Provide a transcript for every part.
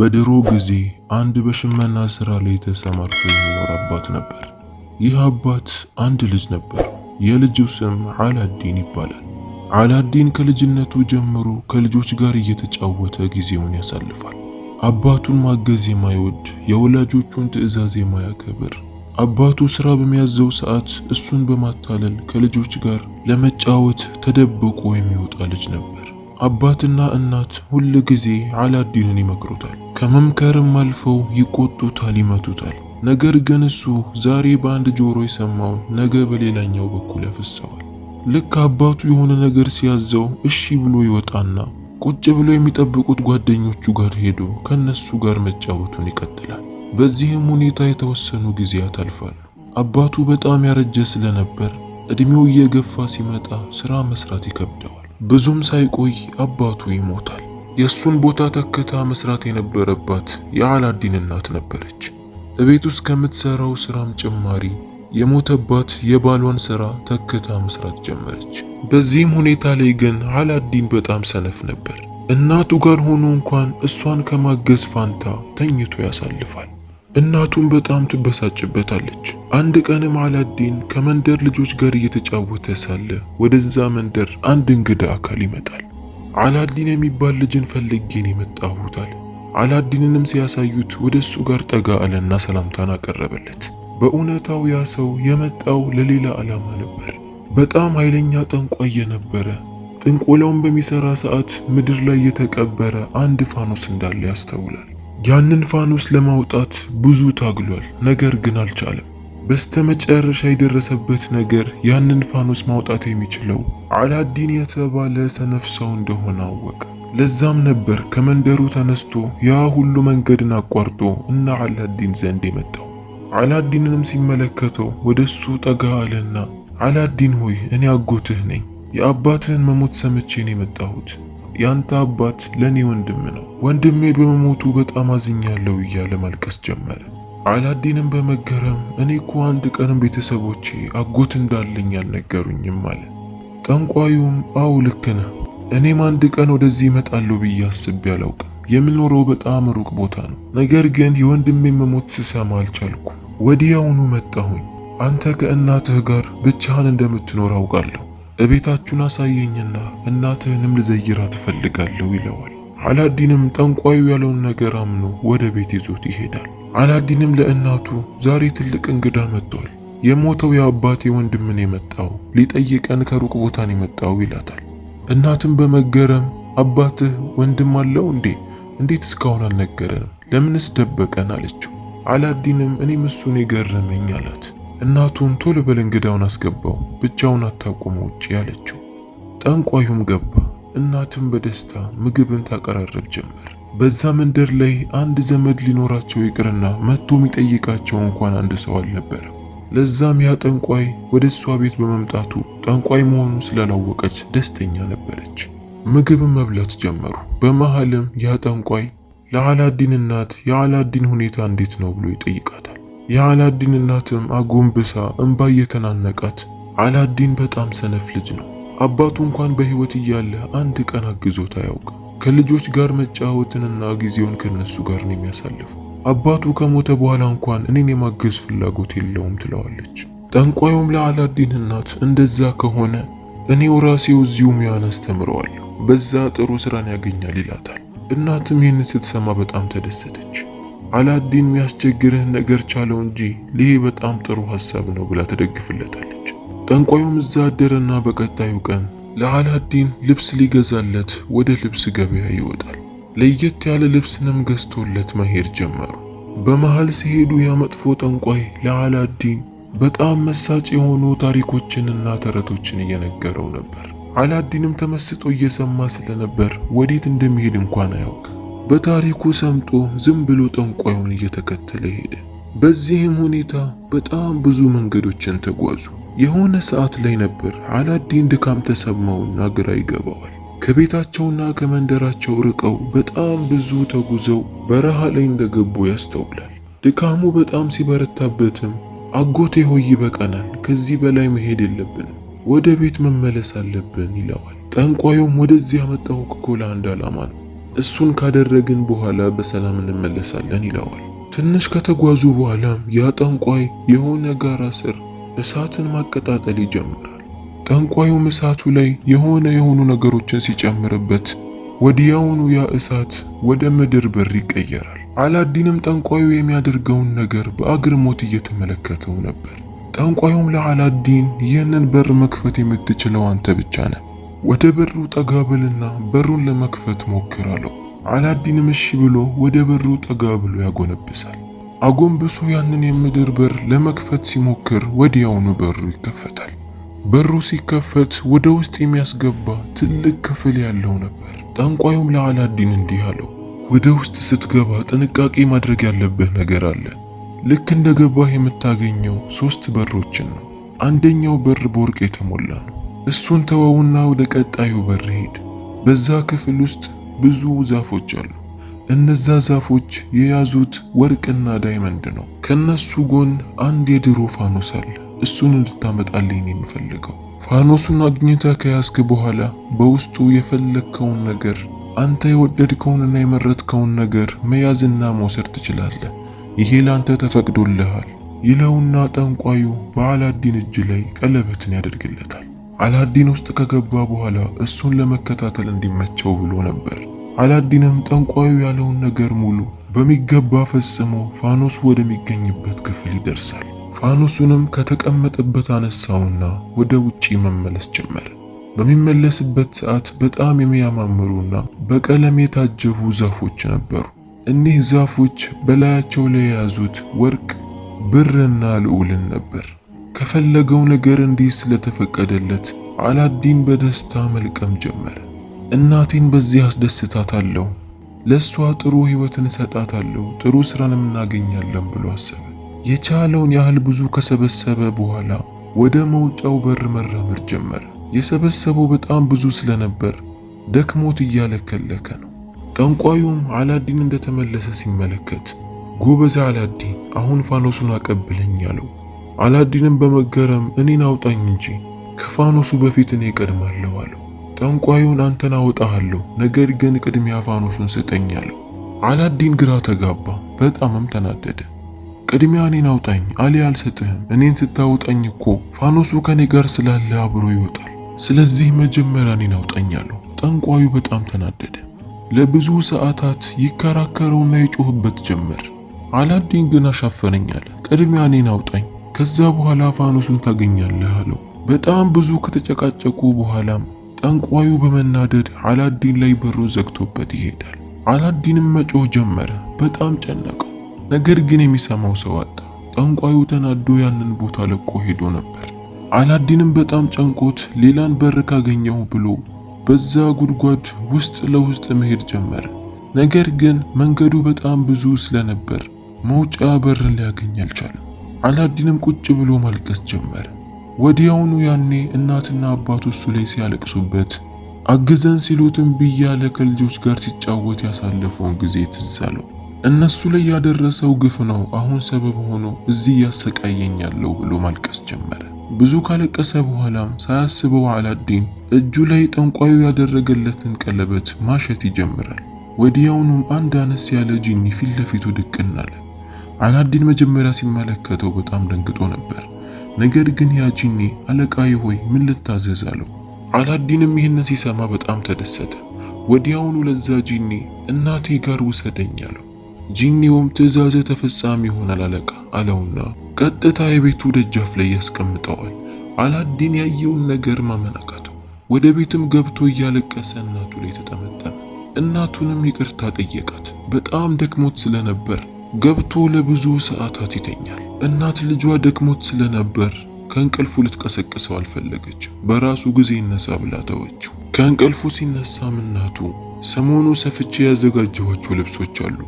በድሮ ጊዜ አንድ በሽመና ሥራ ላይ ተሰማርቶ የሚኖር አባት ነበር። ይህ አባት አንድ ልጅ ነበር። የልጁ ስም አላዲን ይባላል። አላዲን ከልጅነቱ ጀምሮ ከልጆች ጋር እየተጫወተ ጊዜውን ያሳልፋል። አባቱን ማገዝ የማይወድ የወላጆቹን ትዕዛዝ የማያከብር፣ አባቱ ሥራ በሚያዘው ሰዓት እሱን በማታለል ከልጆች ጋር ለመጫወት ተደብቆ የሚወጣ ልጅ ነበር። አባትና እናት ሁል ጊዜ አላዲንን ይመክሩታል። ከመምከርም አልፈው ይቆጡታል፣ ይመቱታል። ነገር ግን እሱ ዛሬ በአንድ ጆሮ የሰማውን ነገ በሌላኛው በኩል ያፈሰዋል። ልክ አባቱ የሆነ ነገር ሲያዘው እሺ ብሎ ይወጣና ቁጭ ብሎ የሚጠብቁት ጓደኞቹ ጋር ሄዶ ከነሱ ጋር መጫወቱን ይቀጥላል። በዚህም ሁኔታ የተወሰኑ ጊዜያት አልፋሉ። አባቱ በጣም ያረጀ ስለነበር እድሜው እየገፋ ሲመጣ ስራ መስራት ይከብደዋል። ብዙም ሳይቆይ አባቱ ይሞታል። የእሱን ቦታ ተክታ መስራት የነበረባት የአላዲን እናት ነበረች። እቤት ውስጥ ከምትሰራው ስራም ጭማሪ የሞተባት የባሏን ስራ ተክታ መስራት ጀመረች። በዚህም ሁኔታ ላይ ግን አላዲን በጣም ሰነፍ ነበር። እናቱ ጋር ሆኖ እንኳን እሷን ከማገዝ ፋንታ ተኝቶ ያሳልፋል። እናቱም በጣም ትበሳጭበታለች። አንድ ቀንም አላዲን ከመንደር ልጆች ጋር እየተጫወተ ሳለ ወደዛ መንደር አንድ እንግዳ አካል ይመጣል። አላዲን የሚባል ልጅን ፈልጌን የመጣሁት አለ። አላዲንንም ሲያሳዩት ወደ እሱ ጋር ጠጋ አለና ሰላምታን አቀረበለት። በእውነታው ያ ሰው የመጣው ለሌላ ዓላማ ነበር። በጣም ኃይለኛ ጠንቋይ የነበረ ጥንቆላውን በሚሰራ ሰዓት ምድር ላይ የተቀበረ አንድ ፋኖስ እንዳለ ያስተውላል። ያንን ፋኖስ ለማውጣት ብዙ ታግሏል፣ ነገር ግን አልቻለም። በስተመጨረሻ የደረሰበት ነገር ያንን ፋኖስ ማውጣት የሚችለው አላዲን የተባለ ሰነፍ ሰው እንደሆነ አወቀ። ለዛም ነበር ከመንደሩ ተነስቶ ያ ሁሉ መንገድን አቋርጦ እና አላዲን ዘንድ የመጣው። አላዲንንም ሲመለከተው ወደ እሱ ጠጋ አለና አላዲን ሆይ እኔ አጎትህ ነኝ። የአባትህን መሞት ሰምቼ ነው የመጣሁት። ያንተ አባት ለእኔ ወንድም ነው። ወንድሜ በመሞቱ በጣም አዝኛለሁ እያለ ማልቀስ ጀመረ። አላዲንም በመገረም እኔ እኮ አንድ ቀንም ቤተሰቦቼ አጎት እንዳለኝ አልነገሩኝም አለ። ጠንቋዩም አው ልክ ነህ፣ እኔም አንድ ቀን ወደዚህ እመጣለሁ ብዬ አስቤ አላውቅም። የምኖረው በጣም ሩቅ ቦታ ነው። ነገር ግን የወንድሜ መሞት ስሰማ አልቻልኩም። ወዲያውኑ መጣሁኝ። አንተ ከእናትህ ጋር ብቻህን እንደምትኖር አውቃለሁ። እቤታችሁን አሳየኝና እናትህንም ልዘይራ ትፈልጋለሁ ይለዋል። አላዲንም ጠንቋዩ ያለውን ነገር አምኖ ወደ ቤት ይዞት ይሄዳል። አላዲንም ለእናቱ ዛሬ ትልቅ እንግዳ መጥቷል፣ የሞተው የአባቴ ወንድምን የመጣው ሊጠይቀን ከሩቅ ቦታን የመጣው ይላታል። እናትም በመገረም አባትህ ወንድም አለው እንዴ? እንዴት እስካሁን አልነገረንም? ለምንስ ደበቀን? አለችው። አላዲንም እኔም እሱን የገረመኝ አላት። እናቱም ቶሎ በል እንግዳውን አስገባው፣ ብቻውን አታቁሙ ውጪ አለችው። ጠንቋዩም ገባ። እናትም በደስታ ምግብን ታቀራረብ ጀመር። በዛ መንደር ላይ አንድ ዘመድ ሊኖራቸው ይቅርና መጥቶ የሚጠይቃቸው እንኳን አንድ ሰው አልነበረ። ለዛም ያ ጠንቋይ ወደ እሷ ቤት በመምጣቱ ጠንቋይ መሆኑ ስላላወቀች ደስተኛ ነበረች። ምግብም መብላት ጀመሩ። በመሃልም ያ ጠንቋይ ለአላዲን እናት የአላዲን ሁኔታ እንዴት ነው ብሎ ይጠይቃታል። የአላዲን እናትም አጎንብሳ እንባ እየተናነቃት አላዲን በጣም ሰነፍ ልጅ ነው፣ አባቱ እንኳን በሕይወት እያለ አንድ ቀን አግዞት አያውቅም ከልጆች ጋር መጫወትንና ጊዜውን ከነሱ ጋር ነው የሚያሳልፈው። አባቱ ከሞተ በኋላ እንኳን እኔን የማገዝ ፍላጎት የለውም ትለዋለች። ጠንቋዩም ለአላዲን እናት እንደዛ ከሆነ እኔው ራሴው እዚሁ ሙያን አስተምረዋለሁ፣ በዛ ጥሩ ስራን ያገኛል ይላታል። እናትም ይህን ስትሰማ በጣም ተደሰተች። አላዲን የሚያስቸግርህን ነገር ቻለው እንጂ ይሄ በጣም ጥሩ ሀሳብ ነው ብላ ትደግፍለታለች። ጠንቋዩም እዛ አደረና በቀጣዩ ቀን ለአላዲን ልብስ ሊገዛለት ወደ ልብስ ገበያ ይወጣል። ለየት ያለ ልብስንም ገዝቶለት መሄድ ጀመሩ። በመሃል ሲሄዱ ያመጥፎ ጠንቋይ ለአላዲን በጣም መሳጭ የሆኑ ታሪኮችንና ተረቶችን እየነገረው ነበር። አላዲንም ተመስጦ እየሰማ ስለነበር ወዴት እንደሚሄድ እንኳን አያውቅ። በታሪኩ ሰምጦ ዝም ብሎ ጠንቋዩን እየተከተለ ሄደ። በዚህም ሁኔታ በጣም ብዙ መንገዶችን ተጓዙ። የሆነ ሰዓት ላይ ነበር አላዲን ድካም ተሰማውና ግራ ይገባዋል። ከቤታቸውና ከመንደራቸው ርቀው በጣም ብዙ ተጉዘው በረሃ ላይ እንደገቡ ያስተውላል። ድካሙ በጣም ሲበረታበትም አጎቴ ሆይ ይበቃናል፣ ከዚህ በላይ መሄድ የለብንም፣ ወደ ቤት መመለስ አለብን ይለዋል። ጠንቋዩም ወደዚህ ያመጣው እኮ ለአንድ ዓላማ ነው፣ እሱን ካደረግን በኋላ በሰላም እንመለሳለን ይለዋል። ትንሽ ከተጓዙ በኋላም ያ ጠንቋይ የሆነ ጋራ ስር እሳትን ማቀጣጠል ይጀምራል። ጠንቋዩም እሳቱ ላይ የሆነ የሆኑ ነገሮችን ሲጨምርበት ወዲያውኑ ያ እሳት ወደ ምድር በር ይቀየራል። አላዲንም ጠንቋዩ የሚያደርገውን ነገር በአግርሞት እየተመለከተው ነበር። ጠንቋዩም ለአላዲን ይህንን በር መክፈት የምትችለው አንተ ብቻ ነህ፣ ወደ በሩ ጠጋ በልና በሩን ለመክፈት ሞክር አለው። አላዲንም እሺ ብሎ ወደ በሩ ጠጋ ብሎ ያጎነብሳል። አጎንብሶ ያንን የምድር በር ለመክፈት ሲሞክር ወዲያውኑ በሩ ይከፈታል። በሩ ሲከፈት ወደ ውስጥ የሚያስገባ ትልቅ ክፍል ያለው ነበር። ጠንቋዩም ለአላዲን እንዲህ አለው፣ ወደ ውስጥ ስትገባ ጥንቃቄ ማድረግ ያለብህ ነገር አለ። ልክ እንደ ገባህ የምታገኘው ሶስት በሮችን ነው። አንደኛው በር በወርቅ የተሞላ ነው። እሱን ተወውና ወደ ቀጣዩ በር ሄድ። በዛ ክፍል ውስጥ ብዙ ዛፎች አሉ። እነዛ ዛፎች የያዙት ወርቅና ዳይመንድ ነው። ከነሱ ጎን አንድ የድሮ ፋኖስ አለ። እሱን እንድታመጣልኝ የምፈልገው። ፋኖሱን አግኝታ ከያዝክ በኋላ በውስጡ የፈለግከውን ነገር አንተ የወደድከውንና የመረጥከውን ነገር መያዝና መውሰድ ትችላለህ። ይሄ ለአንተ ተፈቅዶልሃል ይለውና ጠንቋዩ በአላዲን እጅ ላይ ቀለበትን ያደርግለታል። አላዲን ውስጥ ከገባ በኋላ እሱን ለመከታተል እንዲመቸው ብሎ ነበር። አላዲንም ጠንቋዩ ያለውን ነገር ሙሉ በሚገባ ፈጽሞ ፋኖስ ወደሚገኝበት ክፍል ይደርሳል። ፋኖሱንም ከተቀመጠበት አነሳውና ወደ ውጪ መመለስ ጀመረ። በሚመለስበት ሰዓት በጣም የሚያማምሩና በቀለም የታጀቡ ዛፎች ነበሩ። እኒህ ዛፎች በላያቸው ላይ የያዙት ወርቅ፣ ብርና ልዑልን ነበር። ከፈለገው ነገር እንዲህ ስለተፈቀደለት አላዲን በደስታ መልቀም ጀመረ። እናቴን በዚህ አስደስታታለሁ፣ ለእሷ ጥሩ ሕይወትን እሰጣታለሁ፣ ጥሩ ሥራንም እናገኛለን ብሎ አሰበ። የቻለውን ያህል ብዙ ከሰበሰበ በኋላ ወደ መውጫው በር መራመድ ጀመረ። የሰበሰበው በጣም ብዙ ስለነበር ደክሞት እያለከለከ ነው። ጠንቋዩም አላዲን እንደተመለሰ ሲመለከት ጎበዝ አላዲን አሁን ፋኖሱን አቀብለኝ አለው። አላዲንም በመገረም እኔን አውጣኝ እንጂ ከፋኖሱ በፊት እኔ እቀድማለሁ አለው። ጠንቋዩን አንተን አወጣሃለሁ፣ ነገር ግን ቅድሚያ ፋኖሱን ስጠኝ አለው። አላዲን ግራ ተጋባ፣ በጣምም ተናደደ። ቅድሚያ እኔን አውጣኝ፣ አሊ አልሰጥህም። እኔን ስታውጣኝ እኮ ፋኖሱ ከኔ ጋር ስላለ አብሮ ይወጣል። ስለዚህ መጀመሪያ እኔን አውጣኝ አለው። ጠንቋዩ በጣም ተናደደ። ለብዙ ሰዓታት ይከራከረውና ይጮህበት ጀመር። አላዲን ግን አሻፈረኝ አለ። ቅድሚያ እኔን አውጣኝ፣ ከዛ በኋላ ፋኖሱን ታገኛለህ አለው። በጣም ብዙ ከተጨቃጨቁ በኋላም ጠንቋዩ በመናደድ አላዲን ላይ በሩን ዘግቶበት ይሄዳል። አላዲንም መጮህ ጀመረ። በጣም ጨነቀው፣ ነገር ግን የሚሰማው ሰው አጣ። ጠንቋዩ ተናዶ ያንን ቦታ ለቆ ሄዶ ነበር። አላዲንም በጣም ጨንቆት ሌላን በር ካገኘሁ ብሎ በዛ ጉድጓድ ውስጥ ለውስጥ መሄድ ጀመረ። ነገር ግን መንገዱ በጣም ብዙ ስለነበር መውጫ በርን ሊያገኝ አልቻለም። አላዲንም ቁጭ ብሎ ማልቀስ ጀመረ። ወዲያውኑ ያኔ እናትና አባቱ እሱ ላይ ሲያለቅሱበት አግዘን ሲሉትም ብያለ ከልጆች ጋር ሲጫወት ያሳለፈውን ጊዜ ትዝ አለው። እነሱ ላይ ያደረሰው ግፍ ነው አሁን ሰበብ ሆኖ እዚህ እያሰቃየኝ ያለው ብሎ ማልቀስ ጀመረ። ብዙ ካለቀሰ በኋላም ሳያስበው አላዲን እጁ ላይ ጠንቋዩ ያደረገለትን ቀለበት ማሸት ይጀምራል። ወዲያውኑም አንድ አነስ ያለ ጂኒ ፊት ለፊቱ ድቅን አለ። አላዲን መጀመሪያ ሲመለከተው በጣም ደንግጦ ነበር። ነገር ግን ጂኒ አለቃዬ ሆይ ምን ልታዘዝ አለው። አላዲንም ይህንን ሲሰማ በጣም ተደሰተ። ወዲያውኑ ለዛ ጂኒ እናቴ ጋር ውሰደኝ አለው። ጂኔውም ትእዛዘ ተፈጻሚ ይሆናል አለቃ አለውና ቀጥታ የቤቱ ደጃፍ ላይ ያስቀምጠዋል። አላዲን ያየውን ነገር ማመን አቃተው። ወደ ቤትም ገብቶ እያለቀሰ እናቱ ላይ ተጠመጠመ። እናቱንም ይቅርታ ጠየቃት። በጣም ደክሞት ስለነበር ገብቶ ለብዙ ሰዓታት ይተኛል። እናት ልጇ ደክሞት ስለነበር ከእንቅልፉ ልትቀሰቅሰው አልፈለገችም። በራሱ ጊዜ ይነሳ ብላ ተወችው። ከእንቅልፉ ሲነሳም እናቱ ሰሞኑ ሰፍቼ ያዘጋጀኋቸው ልብሶች አሉ፣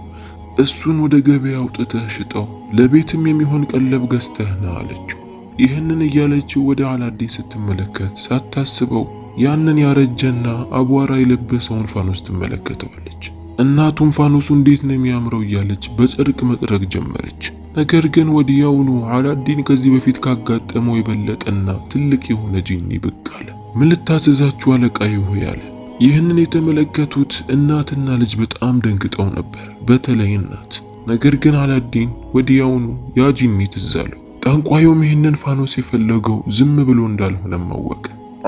እሱን ወደ ገበያ አውጥተህ ሽጠው ለቤትም የሚሆን ቀለብ ገዝተህ ነው አለችው። ይህንን እያለችው ወደ አላዲን ስትመለከት ሳታስበው ያንን ያረጀና አቧራ የለበሰውን ፋኖስ ትመለከተዋለች። እናቱም ፋኖሱ እንዴት ነው የሚያምረው እያለች በጨርቅ መጥረግ ጀመረች። ነገር ግን ወዲያውኑ አላዲን ከዚህ በፊት ካጋጠመው የበለጠና ትልቅ የሆነ ጂኒ ብቅ አለ። ምን ልታዘዛችሁ አለቃዬ ሆይ አለ። ይህንን የተመለከቱት እናትና ልጅ በጣም ደንግጠው ነበር፣ በተለይ እናት። ነገር ግን አላዲን ወዲያውኑ ያ ጂኒ ትዝ አለው። ጠንቋዩም ይህንን ፋኖስ የፈለገው ዝም ብሎ እንዳልሆነም አወቀ።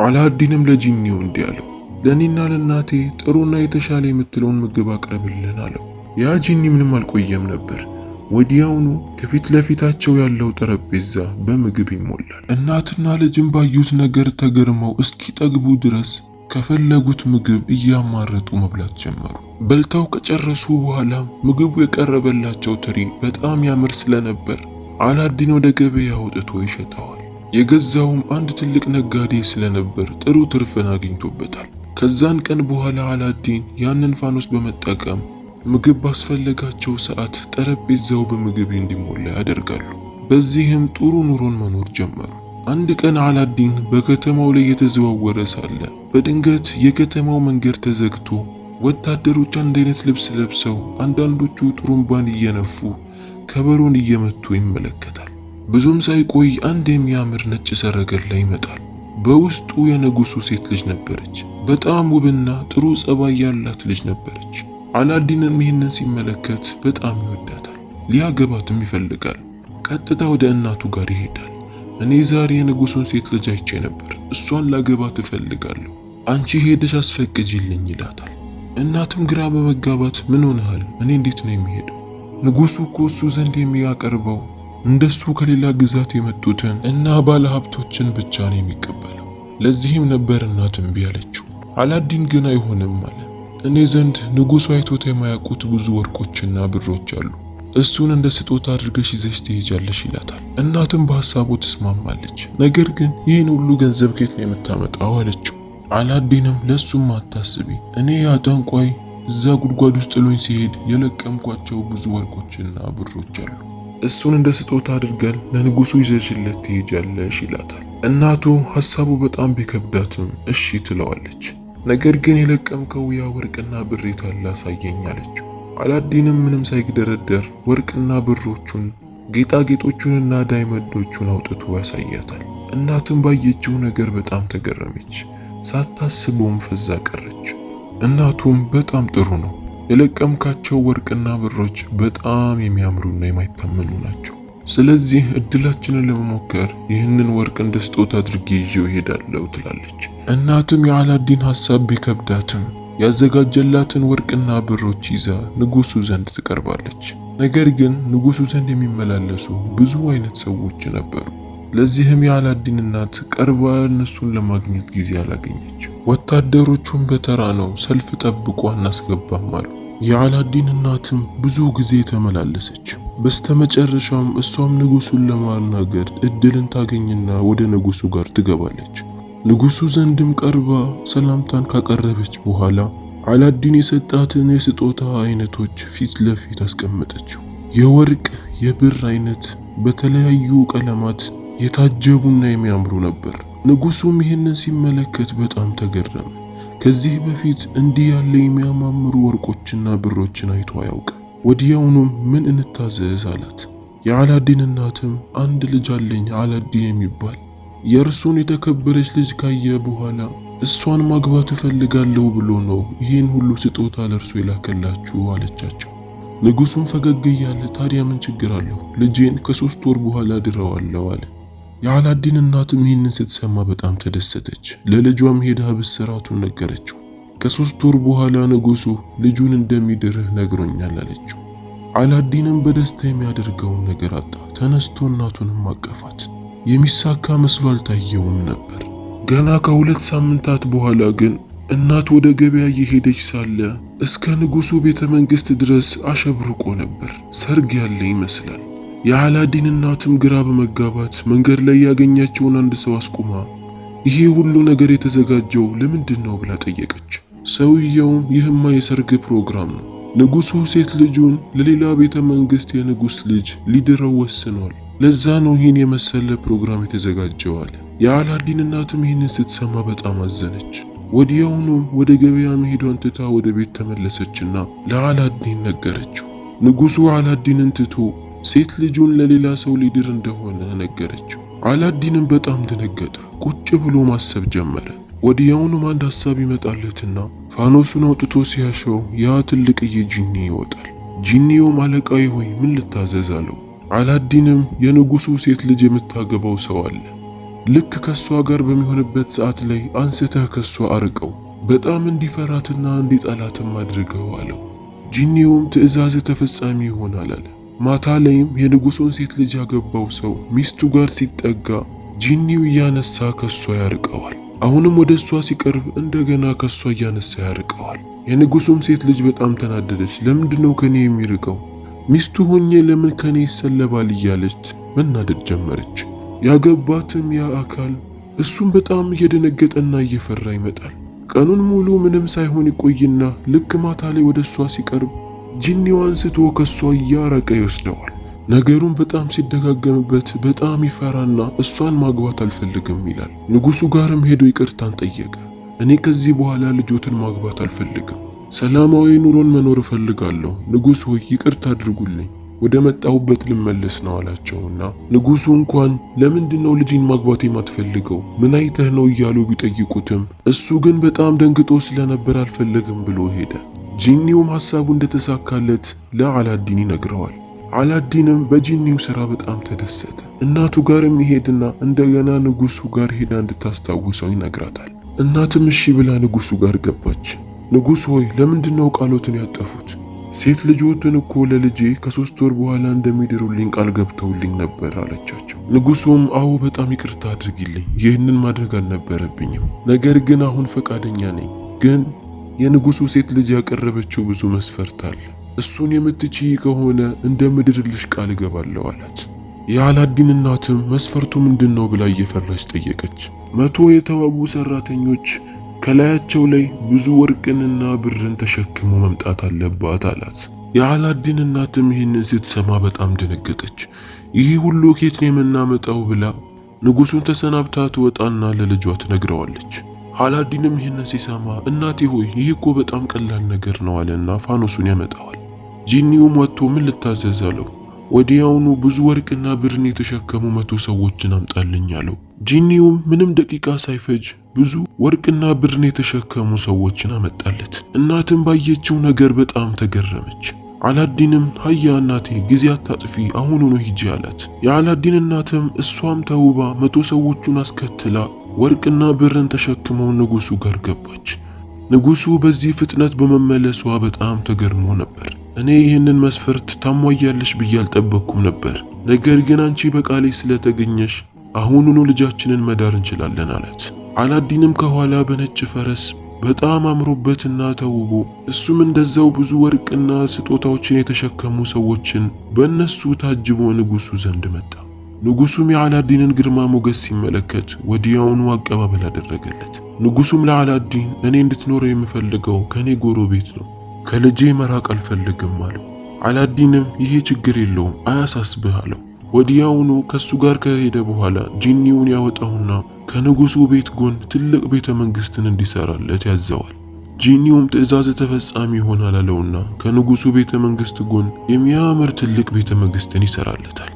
አላዲንም ለጂኒው እንዲህ አለው፣ ለእኔና ለእናቴ ጥሩና የተሻለ የምትለውን ምግብ አቅርብልን አለው። ያ ጂኒ ምንም አልቆየም ነበር ወዲያውኑ ከፊት ለፊታቸው ያለው ጠረጴዛ በምግብ ይሞላል። እናትና ልጅም ባዩት ነገር ተገርመው እስኪጠግቡ ድረስ ከፈለጉት ምግብ እያማረጡ መብላት ጀመሩ። በልተው ከጨረሱ በኋላ ምግቡ የቀረበላቸው ትሪ በጣም ያምር ስለነበር አላዲን ወደ ገበያ አውጥቶ ይሸጠዋል። የገዛውም አንድ ትልቅ ነጋዴ ስለነበር ጥሩ ትርፍን አግኝቶበታል። ከዛን ቀን በኋላ አላዲን ያንን ፋኖስ በመጠቀም ምግብ ባስፈለጋቸው ሰዓት ጠረጴዛው በምግብ እንዲሞላ ያደርጋሉ። በዚህም ጥሩ ኑሮን መኖር ጀመሩ። አንድ ቀን አላዲን በከተማው ላይ የተዘዋወረ ሳለ በድንገት የከተማው መንገድ ተዘግቶ ወታደሮች አንድ አይነት ልብስ ለብሰው አንዳንዶቹ ጥሩምባን እየነፉ ከበሮን እየመቱ ይመለከታል። ብዙም ሳይቆይ አንድ የሚያምር ነጭ ሰረገላ ይመጣል። በውስጡ የንጉሱ ሴት ልጅ ነበረች። በጣም ውብና ጥሩ ጸባይ ያላት ልጅ ነበረች። አላዲንም ይህንን ሲመለከት በጣም ይወዳታል፣ ሊያገባትም ይፈልጋል። ቀጥታ ወደ እናቱ ጋር ይሄዳል። እኔ ዛሬ የንጉሱን ሴት ልጅ አይቼ ነበር፣ እሷን ላገባት እፈልጋለሁ፣ አንቺ ሄደሽ አስፈቅጂልኝ ይላታል። እናትም ግራ በመጋባት ምን ሆነሃል? እኔ እንዴት ነው የሚሄደው? ንጉሱ እኮ እሱ ዘንድ የሚያቀርበው እንደሱ ከሌላ ግዛት የመጡትን እና ባለ ሀብቶችን ብቻ ነው የሚቀበለው። ለዚህም ነበር እናትም እምቢ አላዲን ግን አይሆንም አለ። እኔ ዘንድ ንጉሱ አይቶት የማያውቁት ብዙ ወርቆችና ብሮች አሉ። እሱን እንደ ስጦታ አድርገሽ ይዘሽ ትሄጃለሽ ይላታል። እናትም በሐሳቡ ትስማማለች። ነገር ግን ይህን ሁሉ ገንዘብ ከየት ነው የምታመጣው አለችው። አላዲንም ለሱም አታስቢ፣ እኔ ያ ጠንቋይ እዛ ጉድጓድ ውስጥ ጥሎኝ ሲሄድ የለቀምኳቸው ብዙ ወርቆችና ብሮች አሉ። እሱን እንደ ስጦታ አድርገን ለንጉሱ ይዘሽለት ትሄጃለሽ ይላታል። እናቱ ሐሳቡ በጣም ቢከብዳትም እሺ ትለዋለች። ነገር ግን የለቀምከው ያ ወርቅና ብር የታለ አሳየኝ አለችው። አላዲንም ምንም ሳይግደረደር ወርቅና ብሮቹን ጌጣጌጦቹንና ዳይመንዶቹን አውጥቶ ያሳያታል። እናትም ባየችው ነገር በጣም ተገረመች። ሳታስበውም ፈዛ ቀረች። እናቱም በጣም ጥሩ ነው፣ የለቀምካቸው ወርቅና ብሮች በጣም የሚያምሩና የማይታመኑ ናቸው። ስለዚህ እድላችንን ለመሞከር ይህንን ወርቅ እንደ ስጦታ አድርጌ ይዤው እሄዳለሁ ትላለች። እናትም የአላዲን ሀሳብ ቢከብዳትም ያዘጋጀላትን ወርቅና ብሮች ይዛ ንጉሱ ዘንድ ትቀርባለች። ነገር ግን ንጉሱ ዘንድ የሚመላለሱ ብዙ አይነት ሰዎች ነበሩ። ለዚህም የአላዲን እናት ቀርባ እነሱን ለማግኘት ጊዜ አላገኘች። ወታደሮቹን በተራ ነው ሰልፍ ጠብቆ አናስገባም አሉ። የአላዲን እናትም ብዙ ጊዜ ተመላለሰች። በስተመጨረሻም እሷም ንጉሱን ለማናገር እድልን ታገኝና ወደ ንጉሱ ጋር ትገባለች። ንጉሱ ዘንድም ቀርባ ሰላምታን ካቀረበች በኋላ አላዲን የሰጣትን የስጦታ አይነቶች ፊት ለፊት አስቀመጠችው። የወርቅ የብር አይነት በተለያዩ ቀለማት የታጀቡና የሚያምሩ ነበር። ንጉሱም ይህንን ሲመለከት በጣም ተገረመ። ከዚህ በፊት እንዲህ ያለ የሚያማምሩ ወርቆችና ብሮችን አይቶ አያውቅም። ወዲያውኑም ምን እንታዘዝ አላት። የአላዲን እናትም አንድ ልጅ አለኝ አላዲን የሚባል የእርሱን የተከበረች ልጅ ካየ በኋላ እሷን ማግባት እፈልጋለሁ ብሎ ነው ይህን ሁሉ ስጦታ ለእርሱ የላከላችሁ አለቻቸው። ንጉሱም ፈገግ እያለ ታዲያ ምን ችግር አለሁ ልጄን ከሶስት ወር በኋላ ድረዋለሁ አለ። የአላዲን እናትም ይህንን ስትሰማ በጣም ተደሰተች። ለልጇም ሄዳ ብስራቱን ነገረችው። ከሶስት ወር በኋላ ንጉሱ ልጁን እንደሚድርህ ነግሮኛል አለችው። አላዲንም በደስታ የሚያደርገውን ነገር አጣ። ተነስቶ እናቱንም አቀፋት። የሚሳካ መስሎ አልታየውም ነበር። ገና ከሁለት ሳምንታት በኋላ ግን እናት ወደ ገበያ እየሄደች ሳለ እስከ ንጉሱ ቤተ መንግስት ድረስ አሸብርቆ ነበር። ሰርግ ያለ ይመስላል። የአላዲን እናትም ግራ በመጋባት መንገድ ላይ ያገኛቸውን አንድ ሰው አስቁማ ይሄ ሁሉ ነገር የተዘጋጀው ለምንድን ነው ብላ ጠየቀች። ሰውየውም ይህማ የሰርግ ፕሮግራም ነው፣ ንጉሱ ሴት ልጁን ለሌላ ቤተ መንግስት የንጉሥ ልጅ ሊድረው ወስኗል ለዛ ነው ይህን የመሰለ ፕሮግራም የተዘጋጀዋል። የአላዲን እናትም ይህንን ስትሰማ በጣም አዘነች። ወዲያውኑም ወደ ገበያ መሄዷን ትታ ወደ ቤት ተመለሰችና ለአላዲን ነገረችው። ንጉሡ አላዲንን ትቶ ሴት ልጁን ለሌላ ሰው ሊድር እንደሆነ ነገረችው። አላዲንም በጣም ደነገጠ። ቁጭ ብሎ ማሰብ ጀመረ። ወዲያውኑም አንድ ሐሳብ ይመጣለትና ፋኖሱን አውጥቶ ሲያሸው ያ ትልቅዬ ጂኒ ይወጣል። ጂኒውም አለቃዬ ሆይ ምን ልታዘዝ አለው። አላዲንም የንጉሱ ሴት ልጅ የምታገባው ሰው አለ። ልክ ከሷ ጋር በሚሆንበት ሰዓት ላይ አንስተህ ከሷ አርቀው፣ በጣም እንዲፈራትና እንዲጠላትም አድርገው አለው። ጂኒውም ትዕዛዝ ተፈጻሚ ይሆናል አለ። ማታ ላይም የንጉሱን ሴት ልጅ ያገባው ሰው ሚስቱ ጋር ሲጠጋ ጂኒው እያነሳ ከሷ ያርቀዋል። አሁንም ወደ እሷ ሲቀርብ እንደገና ከሷ እያነሳ ያርቀዋል። የንጉሱም ሴት ልጅ በጣም ተናደደች። ለምንድነው ከኔ የሚርቀው ሚስቱ ሆኜ ለምን ከኔ ይሰለባል እያለች መናደድ ጀመረች። ያገባትም ያ አካል እሱም በጣም እየደነገጠና እየፈራ ይመጣል። ቀኑን ሙሉ ምንም ሳይሆን ይቆይና ልክ ማታ ላይ ወደ እሷ ሲቀርብ ጂኒዋን ስቶ ከእሷ እያራቀ ይወስደዋል። ነገሩን በጣም ሲደጋገምበት በጣም ይፈራና እሷን ማግባት አልፈልግም ይላል። ንጉሡ ጋርም ሄዶ ይቅርታን ጠየቀ። እኔ ከዚህ በኋላ ልጆትን ማግባት አልፈልግም ሰላማዊ ኑሮን መኖር እፈልጋለሁ፣ ንጉሥ ሆይ ይቅርታ አድርጉልኝ፣ ወደ መጣሁበት ልመለስ ነው አላቸውና ንጉሡ እንኳን ለምንድን ነው ልጅን ማግባት የማትፈልገው ምን አይተህ ነው እያሉ ቢጠይቁትም እሱ ግን በጣም ደንግጦ ስለነበር አልፈለግም ብሎ ሄደ። ጂኒውም ሐሳቡ እንደተሳካለት ለአላዲን ይነግረዋል። አላዲንም በጂኒው ሥራ በጣም ተደሰተ። እናቱ ጋር የሚሄድና እንደገና ንጉሡ ጋር ሄዳ እንድታስታውሰው ይነግራታል። እናትም እሺ ብላ ንጉሡ ጋር ገባች። ንጉሥ ሆይ ለምንድነው ቃሎትን ያጠፉት? ሴት ልጆትን እኮ ለልጄ ከሶስት ወር በኋላ እንደሚድሩልኝ ቃል ገብተውልኝ ነበር አለቻቸው። ንጉሡም አዎ በጣም ይቅርታ አድርጊልኝ፣ ይህንን ማድረግ አልነበረብኝም። ነገር ግን አሁን ፈቃደኛ ነኝ። ግን የንጉሡ ሴት ልጅ ያቀረበችው ብዙ መስፈርት አለ። እሱን የምትችይ ከሆነ እንደምድርልሽ ቃል እገባለሁ አላት። የአላዲን እናትም መስፈርቱ ምንድን ነው ብላ እየፈራች ጠየቀች። መቶ የተዋቡ ሰራተኞች ከላያቸው ላይ ብዙ ወርቅንና ብርን ተሸክሞ መምጣት አለባት አላት። የአላዲን እናትም ይህንን ስትሰማ በጣም ደነገጠች። ይሄ ሁሉ ኬት ነው የምናመጣው ብላ ንጉሱን ተሰናብታ ትወጣና ለልጇ ትነግረዋለች። አላዲንም ይህንን ሲሰማ እናቴ ሆይ ይህ እኮ በጣም ቀላል ነገር ነው አለና ፋኖሱን ያመጣዋል። ጂኒውም ወጥቶ ምን ልታዘዝ አለው። ወዲያውኑ ብዙ ወርቅና ብርን የተሸከሙ መቶ ሰዎችን አምጣልኝ አለው። ጂኒውም ምንም ደቂቃ ሳይፈጅ ብዙ ወርቅና ብርን የተሸከሙ ሰዎችን አመጣለት። እናትም ባየችው ነገር በጣም ተገረመች። አላዲንም ሀያ እናቴ ጊዜ አታጥፊ አሁኑኑ ሂጂ አላት። የአላዲን እናትም እሷም ተውባ መቶ ሰዎቹን አስከትላ ወርቅና ብርን ተሸክመው ንጉሱ ጋር ገባች። ንጉሱ በዚህ ፍጥነት በመመለሷ በጣም ተገርሞ ነበር። እኔ ይህንን መስፈርት ታሟያለሽ ብዬ አልጠበቅኩም ነበር፣ ነገር ግን አንቺ በቃሌ ስለተገኘሽ አሁኑኑ ልጃችንን መዳር እንችላለን አለት። አላዲንም ከኋላ በነጭ ፈረስ በጣም አምሮበትና ተውቦ እሱም እንደዛው ብዙ ወርቅና ስጦታዎችን የተሸከሙ ሰዎችን በእነሱ ታጅቦ ንጉሱ ዘንድ መጣ። ንጉሱም የአላዲንን ግርማ ሞገስ ሲመለከት ወዲያውኑ አቀባበል አደረገለት። ንጉሱም ለአላዲን እኔ እንድትኖረው የምፈልገው ከእኔ ጎሮ ቤት ነው፣ ከልጄ መራቅ አልፈልግም አለው። አላዲንም ይሄ ችግር የለውም አያሳስብህ አለው። ወዲያውኑ ከሱ ጋር ከሄደ በኋላ ጂኒውን ያወጣውና ከንጉሱ ቤት ጎን ትልቅ ቤተ መንግስትን እንዲሰራለት ያዘዋል። ጂኒውም ትእዛዝ ተፈጻሚ ይሆናል አለውና ከንጉሱ ቤተ መንግስት ጎን የሚያምር ትልቅ ቤተ መንግስትን ይሰራለታል።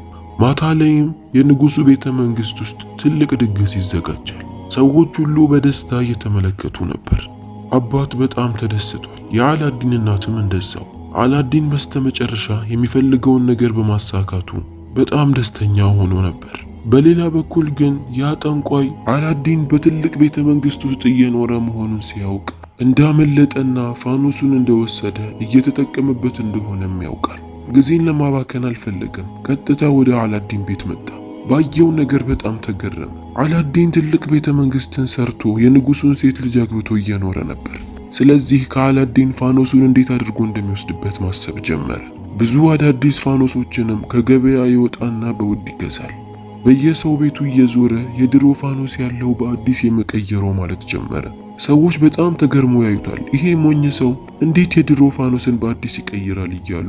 ማታ ላይም የንጉሱ ቤተ መንግስት ውስጥ ትልቅ ድግስ ይዘጋጃል። ሰዎች ሁሉ በደስታ እየተመለከቱ ነበር። አባት በጣም ተደስቷል። የአላዲን እናትም እንደዛው። አላዲን በስተመጨረሻ የሚፈልገውን ነገር በማሳካቱ በጣም ደስተኛ ሆኖ ነበር። በሌላ በኩል ግን ያ ጠንቋይ አላዲን በትልቅ ቤተ መንግስት ውስጥ እየኖረ መሆኑን ሲያውቅ እንዳመለጠና ፋኖሱን እንደወሰደ እየተጠቀመበት እንደሆነም ያውቃል። ጊዜን ለማባከን አልፈለገም። ቀጥታ ወደ አላዲን ቤት መጣ። ባየው ነገር በጣም ተገረመ። አላዲን ትልቅ ቤተ መንግስትን ሰርቶ የንጉሱን ሴት ልጅ አግብቶ እየኖረ ነበር። ስለዚህ ከአላዲን ፋኖሱን እንዴት አድርጎ እንደሚወስድበት ማሰብ ጀመረ። ብዙ አዳዲስ ፋኖሶችንም ከገበያ ይወጣና በውድ ይገዛል። በየሰው ቤቱ እየዞረ የድሮ ፋኖስ ያለው በአዲስ የመቀየረው ማለት ጀመረ። ሰዎች በጣም ተገርሞ ያዩታል። ይሄ ሞኝ ሰው እንዴት የድሮ ፋኖስን በአዲስ ይቀይራል እያሉ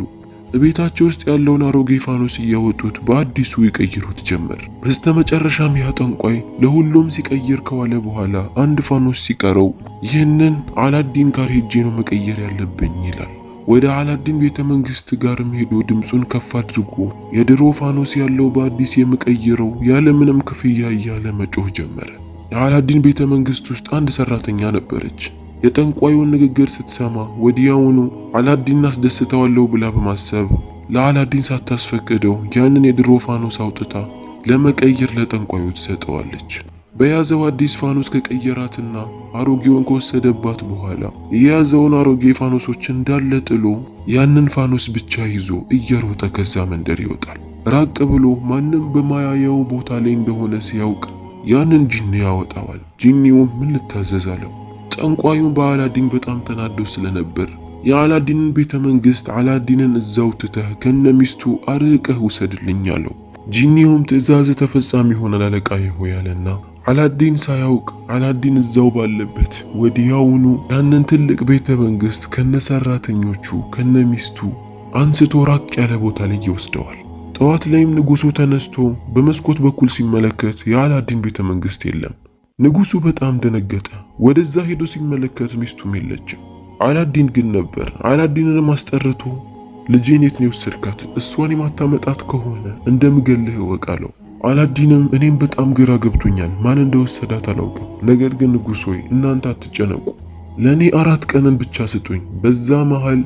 ቤታቸው ውስጥ ያለውን አሮጌ ፋኖስ እያወጡት በአዲሱ ይቀይሩት ጀመር። በስተመጨረሻም ያ ጠንቋይ ለሁሉም ሲቀይር ከዋለ በኋላ አንድ ፋኖስ ሲቀረው ይህንን አላዲን ጋር ሄጄ ነው መቀየር ያለብኝ ይላል። ወደ አላዲን ቤተ መንግስት ጋርም ሄዶ ድምፁን ከፍ አድርጎ የድሮ ፋኖስ ያለው በአዲስ የምቀይረው ያለምንም ክፍያ እያለ መጮህ ጀመረ። የአላዲን ቤተ መንግስት ውስጥ አንድ ሰራተኛ ነበረች። የጠንቋዩን ንግግር ስትሰማ ወዲያውኑ አላዲን አስደስተዋለሁ ብላ በማሰብ ለአላዲን ሳታስፈቅደው ያንን የድሮ ፋኖስ አውጥታ ለመቀየር ለጠንቋዩ ትሰጠዋለች። በያዘው አዲስ ፋኖስ ከቀየራትና አሮጌውን ከወሰደባት በኋላ የያዘውን አሮጌ ፋኖሶች እንዳለ ጥሎ ያንን ፋኖስ ብቻ ይዞ እየሮጠ ከዛ መንደር ይወጣል። ራቅ ብሎ ማንም በማያየው ቦታ ላይ እንደሆነ ሲያውቅ ያንን ጂኒ ያወጣዋል። ጂኒውም ምን ልታዘዝ አለው። ጠንቋዩም በአላዲን በጣም ተናዶ ስለነበር የአላዲንን ቤተ መንግሥት አላዲንን እዛው ትተህ ከነ ሚስቱ አርቀህ ውሰድልኝ አለው። ጂኒውም ትእዛዝ ተፈጻሚ ሆነ ላለቃ ሆይ አላዲን ሳያውቅ አላዲን እዛው ባለበት ወዲያውኑ ያንን ትልቅ ቤተ መንግስት ከነ ሰራተኞቹ ከነ ሚስቱ አንስቶ ራቅ ያለ ቦታ ላይ ይወስደዋል። ጠዋት ላይም ንጉሱ ተነስቶ በመስኮት በኩል ሲመለከት የአላዲን ቤተ መንግስት የለም። ንጉሱ በጣም ደነገጠ። ወደዛ ሄዶ ሲመለከት ሚስቱም የለችም። አላዲን ግን ነበር። አላዲንን አስጠርቶ ልጄን የት ነው የወሰድካት? እሷን የማታመጣት ከሆነ እንደምገልህ እወቃለሁ አላዲንም እኔም በጣም ግራ ገብቶኛል። ማን እንደወሰዳት አላውቅም። ነገር ግን ንጉሥ ሆይ እናንተ አትጨነቁ፣ ለእኔ አራት ቀንን ብቻ ስጡኝ። በዛ መሃል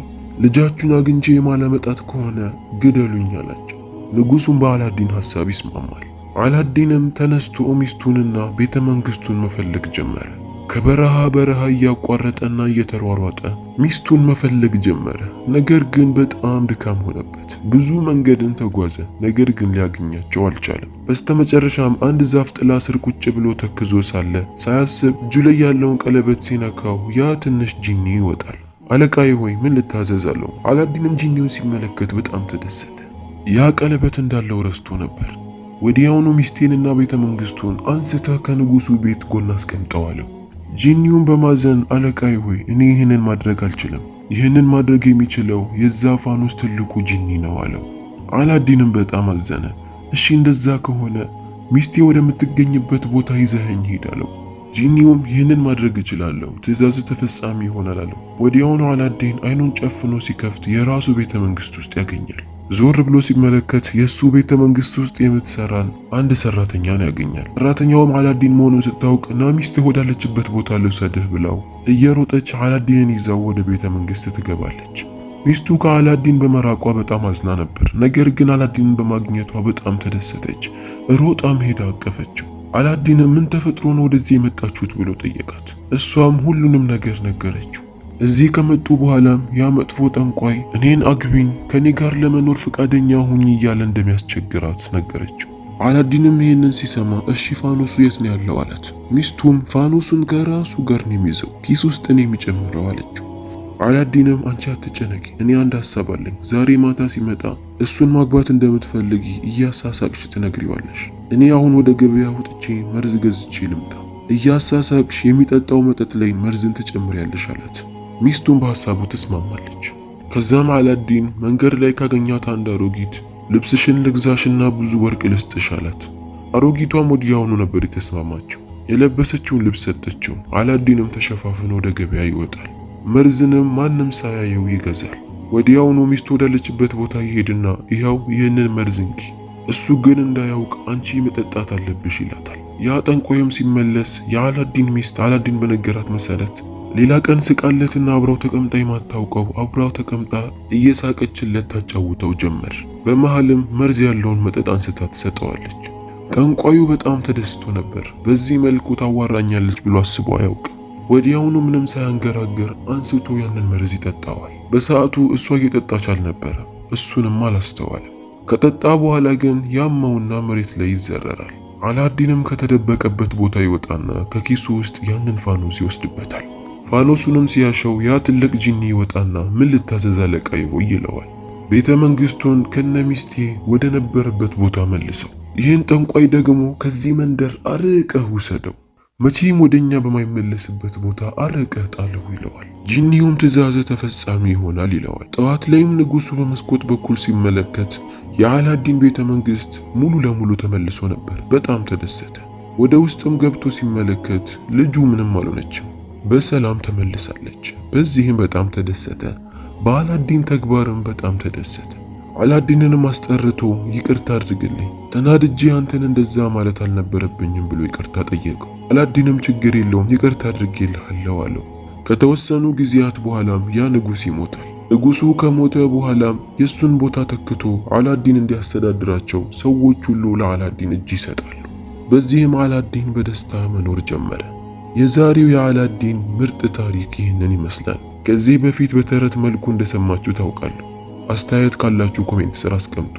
ልጃችሁን አግኝቼ የማለመጣት ከሆነ ግደሉኝ አላቸው። ንጉሡም በአላዲን ሐሳብ ይስማማል። አላዲንም ተነስቶ ሚስቱንና ቤተ መንግሥቱን መፈለግ ጀመረ። ከበረሃ በረሃ እያቋረጠና እየተሯሯጠ ሚስቱን መፈለግ ጀመረ። ነገር ግን በጣም ድካም ሆነበት። ብዙ መንገድን ተጓዘ፣ ነገር ግን ሊያገኛቸው አልቻለም። በስተመጨረሻም አንድ ዛፍ ጥላ ስር ቁጭ ብሎ ተክዞ ሳለ ሳያስብ እጁ ላይ ያለውን ቀለበት ሲነካው ያ ትንሽ ጂኒ ይወጣል። አለቃዬ ሆይ ምን ልታዘዝ አላዲንም ጂኒውን ሲመለከት በጣም ተደሰተ። ያ ቀለበት እንዳለው ረስቶ ነበር። ወዲያውኑ ሚስቴንና ቤተ መንግስቱን አንስታ ከንጉሱ ቤት ጎን አስቀምጠዋለሁ ጂኒውን በማዘን አለቃይ ሆይ እኔ ይህንን ማድረግ አልችልም፣ ይህንን ማድረግ የሚችለው የዛ ፋኖስ ትልቁ ጂኒ ነው አለው። አላዲንም በጣም አዘነ። እሺ እንደዛ ከሆነ ሚስቴ ወደምትገኝበት ቦታ ይዘኸኝ ሂድ አለው። ጂኒውም ይህንን ማድረግ እችላለሁ፣ ትእዛዝ ተፈጻሚ ይሆናል አለው። ወዲያውኑ አላዲን አይኑን ጨፍኖ ሲከፍት የራሱ ቤተ መንግስት ውስጥ ያገኛል። ዞር ብሎ ሲመለከት የእሱ ቤተ መንግስት ውስጥ የምትሰራን አንድ ሰራተኛን ያገኛል። ሰራተኛውም አላዲን መሆኑን ስታውቅ ና ሚስትህ ወዳለችበት ቦታ ልውሰድህ ብላው እየሮጠች አላዲንን ይዛው ወደ ቤተ መንግስት ትገባለች። ሚስቱ ከአላዲን በመራቋ በጣም አዝና ነበር። ነገር ግን አላዲንን በማግኘቷ በጣም ተደሰተች። ሮጣም ሄዳ አቀፈችው። አላዲን ምን ተፈጥሮ ነው ወደዚህ የመጣችሁት ብሎ ጠየቃት። እሷም ሁሉንም ነገር ነገረችው። እዚህ ከመጡ በኋላም ያ መጥፎ ጠንቋይ እኔን አግቢኝ፣ ከኔ ጋር ለመኖር ፈቃደኛ ሁኝ እያለ እንደሚያስቸግራት ነገረችው። አላዲንም ይህንን ሲሰማ እሺ ፋኖሱ የት ነው ያለው አላት። ሚስቱም ፋኖሱን ከራሱ ጋር ነው የሚይዘው፣ ኪስ ውስጥ ነው የሚጨምረው አለችው። አላዲንም አንቺ አትጨነቂ፣ እኔ አንድ ሀሳብ አለኝ። ዛሬ ማታ ሲመጣ እሱን ማግባት እንደምትፈልጊ እያሳሳቅሽ ትነግሪዋለሽ። እኔ አሁን ወደ ገበያ ውጥቼ መርዝ ገዝቼ ልምጣ፣ እያሳሳቅሽ የሚጠጣው መጠጥ ላይ መርዝን ትጨምሪያለሽ አላት። ሚስቱን በሐሳቡ ተስማማለች። ከዛም አላዲን መንገድ ላይ ካገኛት አንድ አሮጊት ልብስሽን ልግዛሽና ብዙ ወርቅ ልስጥሽ አላት። አሮጊቷም ወዲያውኑ ነበር የተስማማቸው። የለበሰችውን ልብስ ሰጠችው። አላዲንም ተሸፋፍኖ ወደ ገበያ ይወጣል። መርዝንም ማንም ሳያየው ይገዛል። ወዲያውኑ ሚስቱ ወዳለችበት ቦታ ይሄድና ይኸው ይህንን መርዝ እንኪ፣ እሱ ግን እንዳያውቅ አንቺ መጠጣት አለብሽ ይላታል። ያ ጠንቋይም ሲመለስ የአላዲን ሚስት አላዲን በነገራት መሰረት ሌላ ቀን ስቃለትና አብራው ተቀምጣ የማታውቀው አብራው ተቀምጣ እየሳቀችለት ታጫውተው ጀመር። በመሃልም መርዝ ያለውን መጠጥ አንስታ ትሰጠዋለች። ጠንቋዩ በጣም ተደስቶ ነበር። በዚህ መልኩ ታዋራኛለች ብሎ አስቦ አያውቅም። ወዲያውኑ ምንም ሳያንገራገር አንስቶ ያንን መርዝ ይጠጣዋል። በሰዓቱ እሷ እየጠጣች አልነበረም፣ እሱንም አላስተዋለም። ከጠጣ በኋላ ግን ያመውና መሬት ላይ ይዘረራል። አላዲንም ከተደበቀበት ቦታ ይወጣና ከኪሱ ውስጥ ያንን ፋኖስ ይወስድበታል። ፋኖሱንም ሲያሸው ያ ትልቅ ጂኒ ይወጣና ምን ልታዘዝ አለቃ ይሆይ ይለዋል። ቤተ መንግስቱን ከነሚስቴ ወደ ነበረበት ቦታ መልሰው፣ ይህን ጠንቋይ ደግሞ ከዚህ መንደር አርቀህ ውሰደው፣ መቼም ወደኛ በማይመለስበት ቦታ አርቀህ ጣለሁ ይለዋል። ጂኒውም ትእዛዘ ተፈጻሚ ይሆናል ይለዋል። ጠዋት ላይም ንጉሱ በመስኮት በኩል ሲመለከት የአላዲን ቤተ መንግስት ሙሉ ለሙሉ ተመልሶ ነበር። በጣም ተደሰተ። ወደ ውስጥም ገብቶ ሲመለከት ልጁ ምንም አልሆነችም። በሰላም ተመልሳለች። በዚህም በጣም ተደሰተ። በአላዲን ተግባርም በጣም ተደሰተ። አላዲንንም አስጠርቶ ይቅርታ አድርግልኝ፣ ተናድጄ አንተን እንደዛ ማለት አልነበረብኝም ብሎ ይቅርታ ጠየቀው። አላዲንም ችግር የለውም ይቅርታ አድርጌልሃለሁ አለው። ከተወሰኑ ጊዜያት በኋላም ያ ንጉሥ ይሞታል። ንጉሱ ከሞተ በኋላም የሱን ቦታ ተክቶ አላዲን እንዲያስተዳድራቸው ሰዎች ሁሉ ለአላዲን እጅ ይሰጣሉ። በዚህም አላዲን በደስታ መኖር ጀመረ። የዛሬው የአላዲን ምርጥ ታሪክ ይህንን ይመስላል። ከዚህ በፊት በተረት መልኩ እንደሰማችሁ ታውቃለሁ። አስተያየት ካላችሁ ኮሜንት ስር አስቀምጡ።